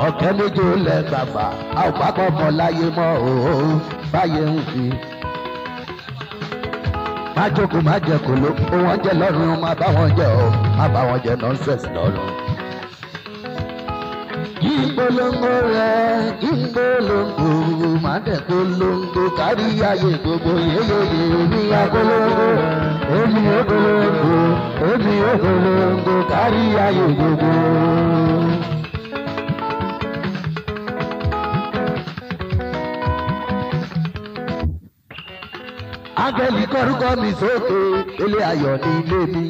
ọ̀kẹ́ méje ó lẹ gbàgbà a ò pápọ̀ mọ́ láyé mọ́ òó báyé ń fi. má jókòó má jẹ kòló òun jẹ lọ́rùn má bá wọn jẹ ọ́ má bá wọn jẹ nọ́ńsẹ̀sì lọ́rùn kí n polongo rẹ kí n polongo má dẹ̀ polongo kárí ayé gbogbo yeyeye èmi akolongo èmi okolongo èmi okolongo kárí ayé gbogbo. áńgẹ́lì kọ́rúkọ mi sókè ilé ayọ̀ ní ilé mi.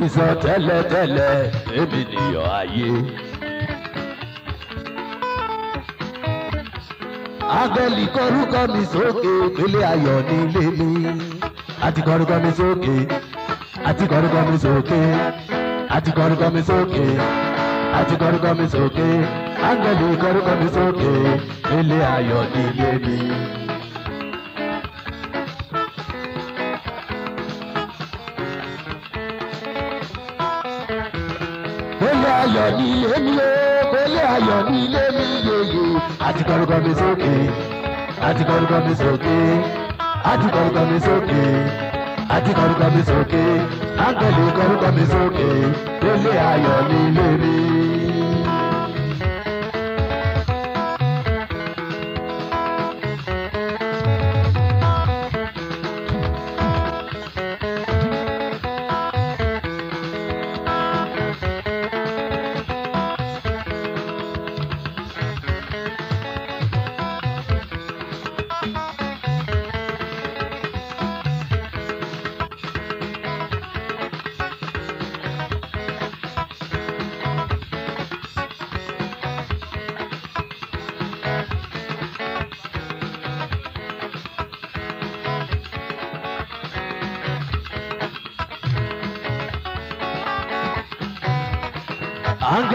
ti sọ tẹ́lẹ̀tẹ́lẹ̀ èmi nìyọ ayé. abẹ́lì kọ́rúkọ mi sókè ìpínlẹ̀ ayọ̀ nílé mi. àti kọ́rúkọ mi sókè àti kọ́rúkọ mi sókè àti kọ́rúkọ mi sókè àti kọ́rúkọ mi sókè ángẹ́lì kọ́rúkọ mi sókè ìpínlẹ̀ ayọ̀ nílé mi. ayọ̀ ní ilé mi o kólé ayọ̀ ní ilé mi yeye. àti kọrúkọ mi sókè àti kọrúkọ mi sókè àti kọrúkọ mi sókè àti kọrúkọ mi sókè àgọ́lé kọrúkọ mi sókè kólé ayọ̀ ní ilé mi.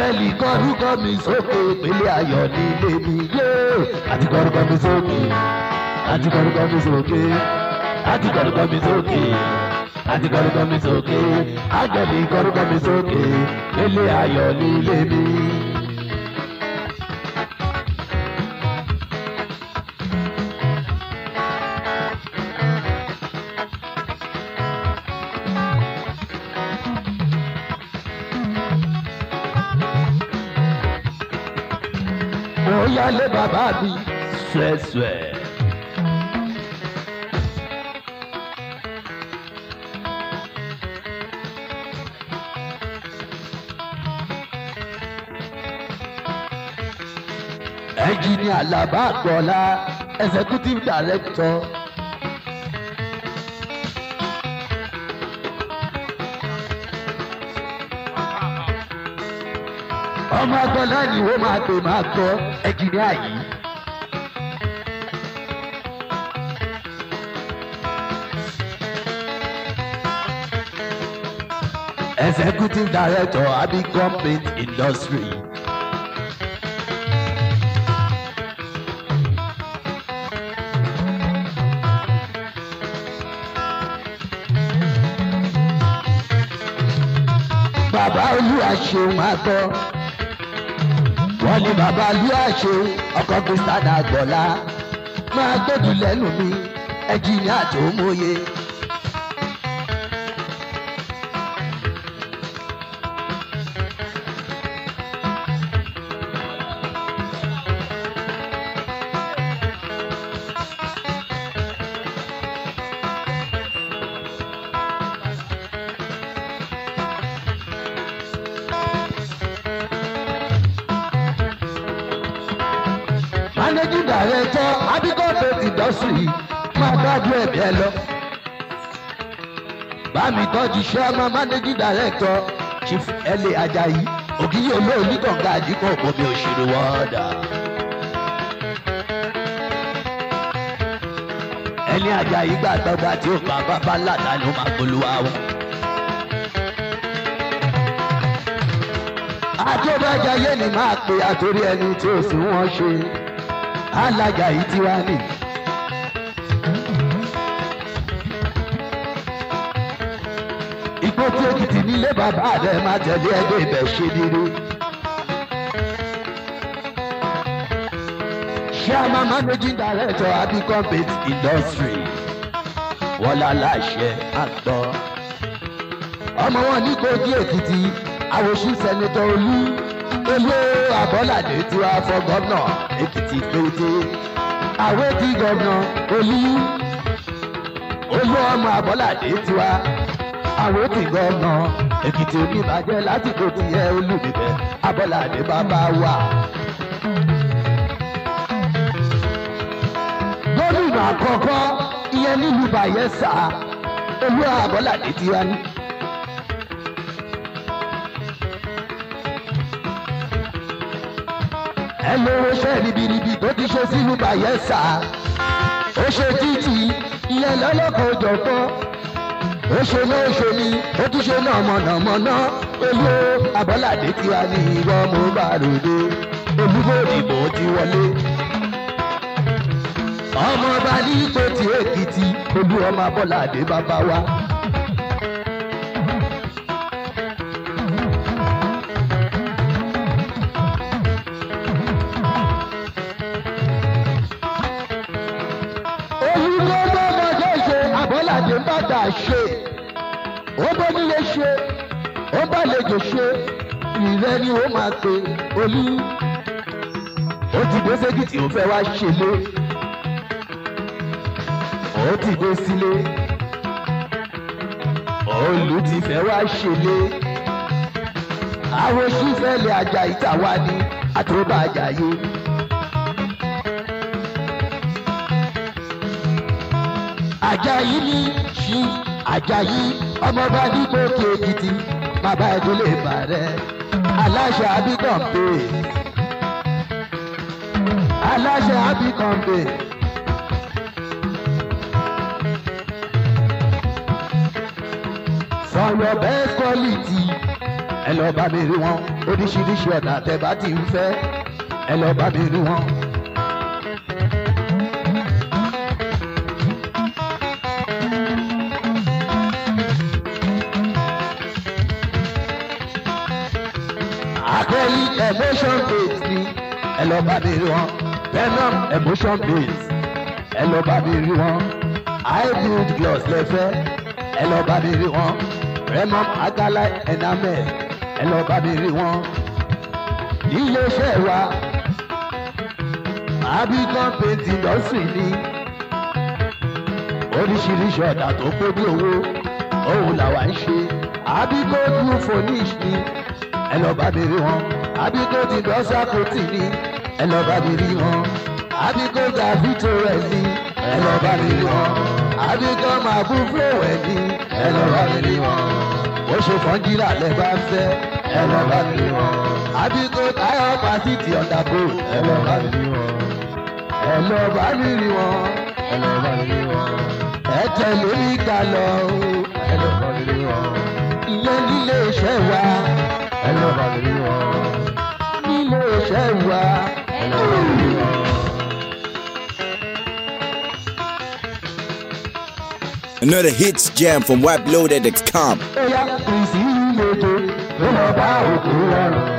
bẹ́ẹ̀lì kọ́rúkọ mi sókè ìpínlẹ̀ ayọ̀ nílé mi yé àti kọ́rúkọ mi sókè àti kọ́rúkọ mi sókè àti kọ́rúkọ mi sókè àti kọ́rúkọ mi sókè àjọ̀lì kọ́rúkọ mi sókè ìpínlẹ̀ ayọ̀ nílé mi. bàbá mi ṣẹ̀ṣẹ̀. ẹnjìnìà Làbá Àgbọ̀lá executive director. ọmọ ọ̀tọ̀ náà ni máa pè máa tọ́ ẹnjìníà yìí. Executive Director Abi Government Industry. Bàbá Olúwa ṣeun máa tọ́ wọ́n ní bàbá lúàṣẹ ọkọ̀ kristiana gbọ̀lá máa gbẹ́dùn lẹ́nu mi ẹ̀jìnìá tó mọ̀ye. George Sherman managing director Chief Ele Ajayi ògìyí olóòní kànga àdìpọ̀ òpómi òṣèré wọ́ọ̀dà. ẹni Ajayi gbàgbọ́gbà tí ó pa bàbá làdá ló máa polówó àwọn. àtọ́bàjá yé ni máa pe àtòrí ẹni tí ó sì wọ́n ṣe alága yìí tiwa nìyí. tì nílé bàbá rẹ̀ má tẹ̀lé ẹgbẹ́ ibẹ̀ ṣe rere. Chairman Managing Director abi Bait Industry Wọ́lá Láṣẹ Àgbọ̀. Ọmọ wọn ní Kogi Èkìtì, àwòṣù Sẹ́nitọ̀ Olú, Olú Abọ́ládé tí wàá fọ gọ́nà Èkìtì lóde. Àwé tí gọ́nà Olú, Olú ọmọ Abọ́ládé tí wàá ti àwòtìgbọ́nà èkìtì oníbàjẹ́ láti kò tiẹ̀ olùdìbẹ̀ abọ́ládé bàbá wa. gómìnà àkọ́kọ́ ìyẹn nílùú Bayelsa olúwa abọ́ládé Tìwání. ẹ lówó ṣẹ́ ribiribi tó ti ṣe sílùú Bayelsa ó ṣe títì ìyẹn lọ́lọ́kọ̀ọ́jọ̀kan ó ṣe léṣe ni ó tún ṣe nàmọ̀nàmọ̀ná ewé abọ́ládé tí a ní ìwọ mo bá ròde olúgbò ìbò ti wọlé. ọmọ ọba ní kò tí èkìtì olú ọmọ abọ́ládé bàbá wa. padà ṣe ó bónílé ṣe ó bàlejò ṣe ìrẹ́ ni ó máa pe olú ó ti dé sẹ́kìtì ó fẹ́ wá ṣe lé ó ti dé sílé olú ti fẹ́ wá ṣe lé àwọn oṣù fẹ́ lè àjà ìtàwá ni àtúbà àjàyè. Àjàyí ni àjàyí àjàyí ọmọọba nígbò kéèkìtì bàbá ìdílé bàrẹ aláṣẹ abikọ̀ǹpé aláṣẹ abikọ̀ǹpé. for your best quality ẹ lọ bá mi rí wọn oríṣiríṣi ọ̀nà àtẹ̀bá ti ń fẹ́ ẹ lọ bá mi rí wọn. Adeli emotion based ni ẹ lọ bá dèrè wọn Venom emotion based ẹ lọ bá dèrè wọn hybrid gloss lẹfẹ ẹ lọ bá dèrè wọn Venom agala enamel ẹ lọ bá dèrè wọn iléeṣẹ́ wa Abicon paint industry ni oríṣiríṣi ọ̀dà tó pé bí owó òun làwa ń ṣe Abicon blue fonish ni ẹ lọ bá mi rí wọn àbí kó ti dọ́sà kò tì ní ẹ lọ bá mi rí wọn àbí kó ga fito rẹ̀ ní ẹ lọ bá mi rí wọn àbí kó máa bú fúlọ̀wẹ̀ ní ẹ lọ bá mi rí wọn ó ṣe fọ́njìlá lẹ bá ń fẹ́ ẹ lọ bá mi rí wọn àbí kó táyọ̀ pàṣítì ọ̀dàgbò ẹ lọ bá mi rí wọn ẹ lọ bá mi rí wọn ẹ lọ bá mi rí wọn ẹ tẹ̀lé mi kà lọ ẹ lọ bá mi rí wọn ilé nílé iṣẹ́ wa. Another hits jam from WebLoaded.com. Ẹ̀yà